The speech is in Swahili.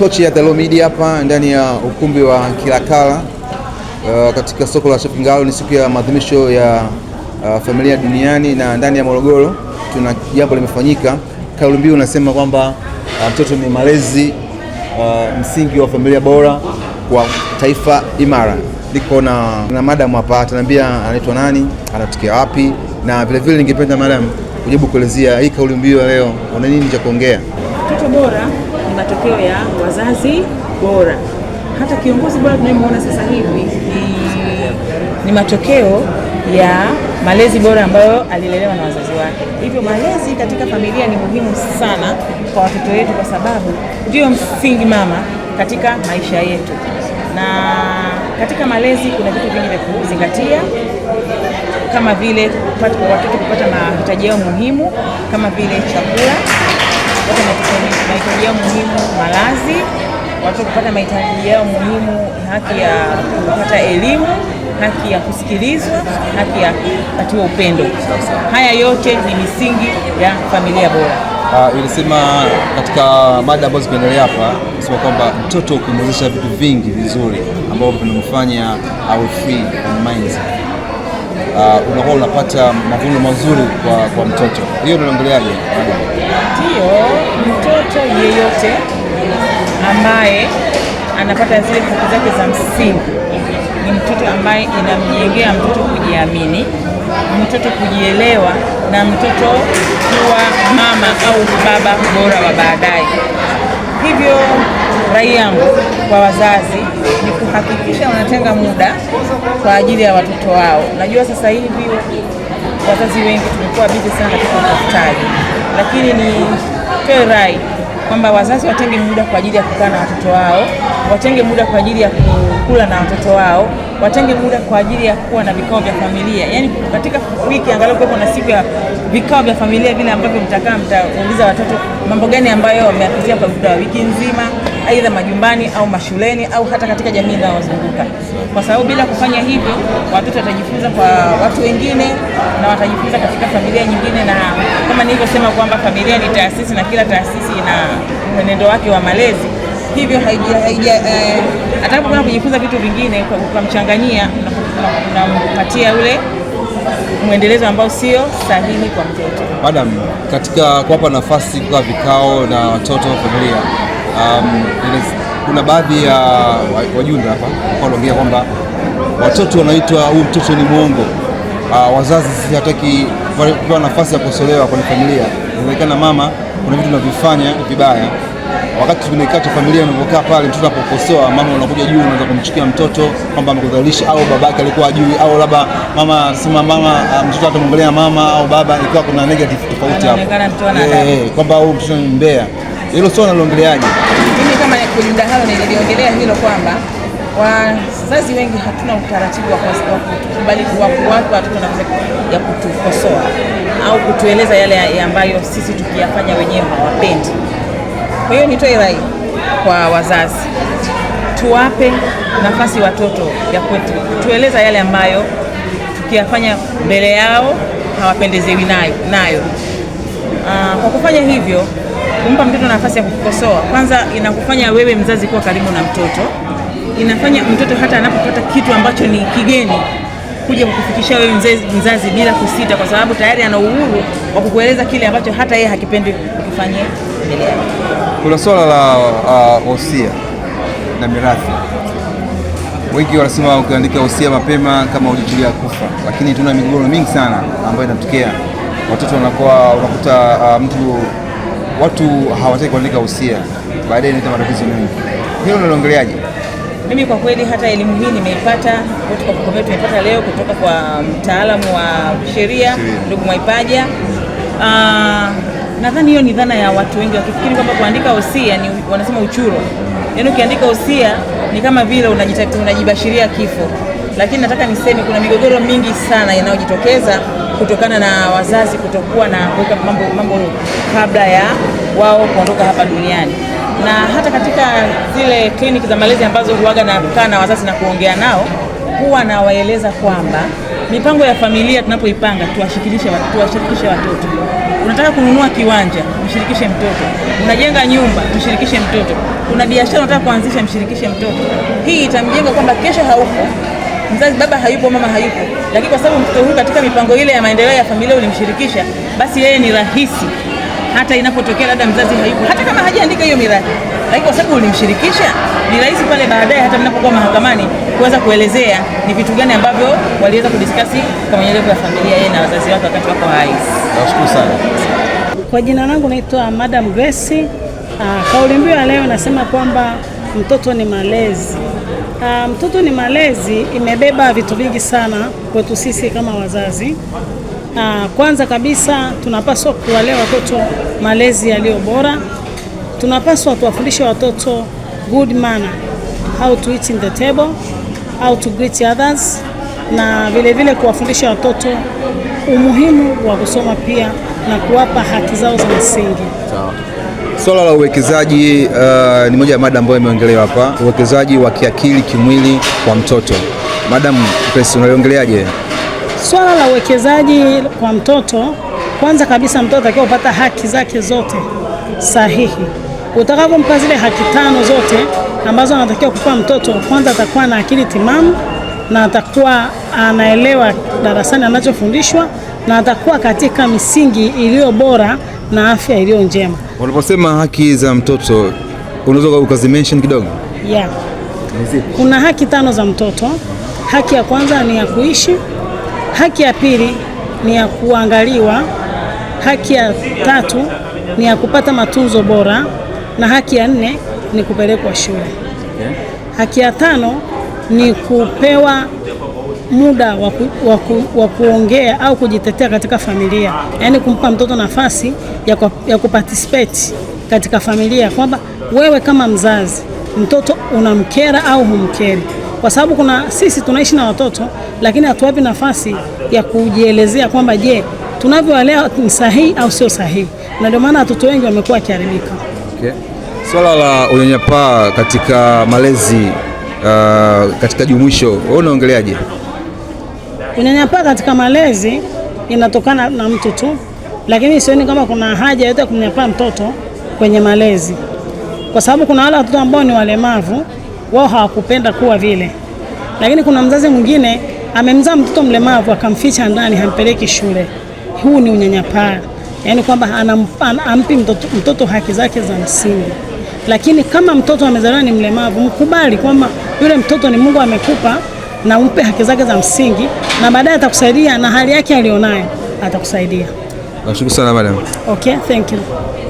tochi ya Dhalo Media hapa ndani ya ukumbi wa Kilakala uh, katika soko la Shafingalo. Ni siku ya maadhimisho ya uh, familia duniani, na ndani ya Morogoro tuna jambo limefanyika. Kauli mbiu unasema kwamba uh, mtoto ni malezi uh, msingi wa familia bora kwa taifa imara. Niko na, na madam hapa ataniambia anaitwa nani, anatokea wapi, na vilevile ningependa madam kujibu kuelezea hii kauli mbiu ya leo, una nini cha kuongea? Mtoto bora matokeo ya wazazi bora. Hata kiongozi bora tunayemwona sasa hivi ni, ni matokeo ya malezi bora ambayo alilelewa na wazazi wake. Hivyo malezi katika familia ni muhimu sana kwa watoto wetu, kwa sababu ndiyo msingi mama katika maisha yetu, na katika malezi kuna vitu vingi vya kuzingatia kama vile watoto kupata mahitaji yao muhimu kama vile chakula kupata mahitaji yao muhimu, malazi, watoto kupata mahitaji yao muhimu, haki ya kupata elimu, haki ya kusikilizwa, haki ya kupatiwa upendo. Haya yote ni misingi ya familia bora. Uh, ilisema katika mada ambazo zimeendelea hapa, sema kwamba mtoto kumwezesha vitu vingi vizuri ambavyo vinamfanya awe free in mind. Uh, unakuwa unapata mavuno mazuri kwa, kwa mtoto. Hiyo ndio naongeleaje? ndio mtoto yeyote ambaye anapata zile haki zake za msingi ni mtoto ambaye inamjengea mtoto kujiamini, mtoto kujielewa, na mtoto kuwa mama au baba bora wa baadaye. Hivyo rai yangu kwa wazazi ni kuhakikisha wanatenga muda kwa ajili ya watoto wao. Najua sasa hivi wazazi wengi tumekuwa bizi sana katika utafutaji lakini ni rai kwamba wazazi watenge muda kwa ajili ya kukaa na watoto wao, watenge muda kwa ajili ya kula na watoto wao, watenge muda kwa ajili ya kuwa na vikao vya familia. yani katika wiki angalau kuwepo na siku ya vikao vya familia, vile ambavyo mtakaa mtauliza watoto mambo gani ambayo wameyapitia kwa muda wa wiki nzima aidha majumbani au mashuleni au hata katika jamii inayozunguka, kwa sababu bila kufanya hivyo watoto watajifunza kwa watu wengine na watajifunza katika familia nyingine, na kama nilivyosema kwamba familia ni taasisi na kila taasisi ina mwenendo wake wa malezi hivyo eh, atakapokuwa kujifunza vitu vingine ukamchanganyia, unampatia ule mwendelezo ambao sio sahihi kwa mtoto. Madam, katika kuwapa nafasi kwa vikao na watoto familia um, kuna baadhi ya uh, wajumbe hapa wanaongea kwamba watoto wanaitwa huyu mtoto ni mwongo. Uh, wazazi sisi hataki kupewa nafasi ya kusolewa kwenye familia. Inawezekana mama, kuna vitu tunavifanya vibaya wakati tunaikacha familia unavyokaa pale, mtoto anapokosoa mama, unakuja juu, unaanza kumchukia mtoto kwamba amekudhalilisha, au babake alikuwa ajui, au labda mama sema mama uh, mtoto atamwongelea mama au baba, ikiwa kuna negative tofauti hapo, eh, eh, kwamba huyu mtoto ni mbea. Hilo swala naliongeleaje? Mimi kama kwenye mdahalo niliongelea hilo kwamba wazazi wengi hatuna utaratibu wa kukubali watu, watoto nafasi ya kutukosoa au kutueleza yale ambayo sisi tukiyafanya wenyewe hawapendi. Kwa hiyo nitoe rai kwa wazazi, tuwape nafasi watoto ya kwetu kutueleza yale ambayo tukiyafanya mbele yao hawapendezewi nayo. Ah, kwa kufanya hivyo kumpa mtoto nafasi ya kukosoa, kwanza inakufanya wewe mzazi kuwa karibu na mtoto, inafanya mtoto hata anapopata kitu ambacho ni kigeni kuja kukufikishia wewe mzazi, mzazi bila kusita, kwa sababu tayari ana uhuru wa kukueleza kile ambacho hata yeye hakipendi ukifanyia mbele yake. Kuna swala la uh, wosia uh, na mirathi wengi wanasema ukiandika wosia mapema kama hujajulia kufa, lakini tuna migogoro mingi sana ambayo inatokea watoto wanakuwa unakuta uh, mtu watu hawataki kuandika usia, baadaye inaleta matatizo mengi. Hilo unaliongeleaje? Mimi kwa kweli hata elimu hii nimeipata kutoka kwa tumeipata leo kutoka kwa mtaalamu wa sheria ndugu Mwaipaja. Uh, nadhani hiyo ni dhana ya watu wengi wakifikiri kwamba kuandika hosia ni wanasema uchuro, yaani ukiandika hosia ni kama vile unajibashiria kifo, lakini nataka niseme kuna migogoro mingi sana inayojitokeza kutokana na wazazi kutokuwa na kuweka mambo, mambo kabla ya wao kuondoka hapa duniani na hata katika zile kliniki za malezi ambazo huwaga kukaa na wazazi na kuongea nao, huwa nawaeleza kwamba mipango ya familia tunapoipanga tuwashirikishe watoto. Unataka kununua kiwanja, mshirikishe mtoto. Unajenga nyumba, mshirikishe mtoto. Kuna biashara unataka kuanzisha, mshirikishe mtoto. Hii itamjenga kwamba kesho hauko mzazi baba hayupo, mama hayupo, lakini kwa sababu mtoto huyu katika mipango ile ya maendeleo ya familia ulimshirikisha, basi yeye ni rahisi hata inapotokea labda mzazi hayupo, hata kama hajaandika hiyo miradi lakini kwa sababu ulimshirikisha, ni rahisi pale baadaye, hata mnapokuwa mahakamani, kuweza kuelezea ni vitu gani ambavyo waliweza kudiskasi kwa mwenyelevu ya familia yeye na wazazi wake wakati wako hai. Nashukuru sana. Kwa jina langu naitwa Madam Grace. Ah, kauli mbiu ya leo nasema kwamba mtoto ni malezi. Ah, mtoto um, ni malezi imebeba vitu vingi sana kwetu sisi kama wazazi. Uh, kwanza kabisa tunapaswa kuwalea watoto malezi yaliyo bora. Tunapaswa tuwafundishe watoto good manner, how to eat in the table, how to greet others na vilevile kuwafundisha watoto umuhimu wa kusoma pia na kuwapa haki zao za msingi. Swala la uwekezaji uh, ni moja ya mada ambayo imeongelewa hapa, uwekezaji wa kiakili, kimwili kwa mtoto. Madam Pesi, unaliongeleaje swala la uwekezaji kwa mtoto? Kwanza kabisa mtoto atakiwa kupata haki zake zote sahihi. Utakapompa zile haki tano zote ambazo anatakiwa kupa mtoto, kwanza atakuwa na akili timamu na atakuwa anaelewa darasani anachofundishwa na atakuwa katika misingi iliyo bora na afya iliyo njema. Unaposema haki za mtoto unaweza ukazimention kidogo? Yeah. Kuna haki tano za mtoto. Haki ya kwanza ni ya kuishi, haki ya pili ni ya kuangaliwa, haki ya tatu ni ya kupata matunzo bora na haki ya nne ni kupelekwa shule. Haki ya tano ni kupewa muda wa kuongea au kujitetea katika familia, yaani kumpa mtoto nafasi ya, ya kuparticipate katika familia, kwamba wewe kama mzazi mtoto unamkera au humkeri, kwa sababu kuna sisi tunaishi na watoto lakini hatuwapi nafasi ya kujielezea kwamba je, tunavyowalea ni sahihi au sio sahihi, na ndio maana watoto wengi wamekuwa wakiharibika. Okay. Swala la unyanyapaa katika malezi uh, katika jumuisho, wewe unaongeleaje? Unyanyapaa katika malezi inatokana na mtu tu, lakini sioni kama kuna haja yote ya kumnyapaa mtoto kwenye malezi, kwa sababu kuna wale watoto ambao ni walemavu, wao hawakupenda kuwa vile, lakini kuna mzazi mwingine amemzaa mtoto mlemavu akamficha ndani, hampeleki shule. Huu ni unyanyapaa, yaani kwamba anampi mtoto, mtoto haki zake za msingi. Lakini kama mtoto amezaliwa ni mlemavu, mkubali kwamba yule mtoto ni Mungu amekupa na umpe haki zake za msingi, na baadaye atakusaidia na hali yake aliyonayo atakusaidia. Nashukuru sana madam. Okay, thank you.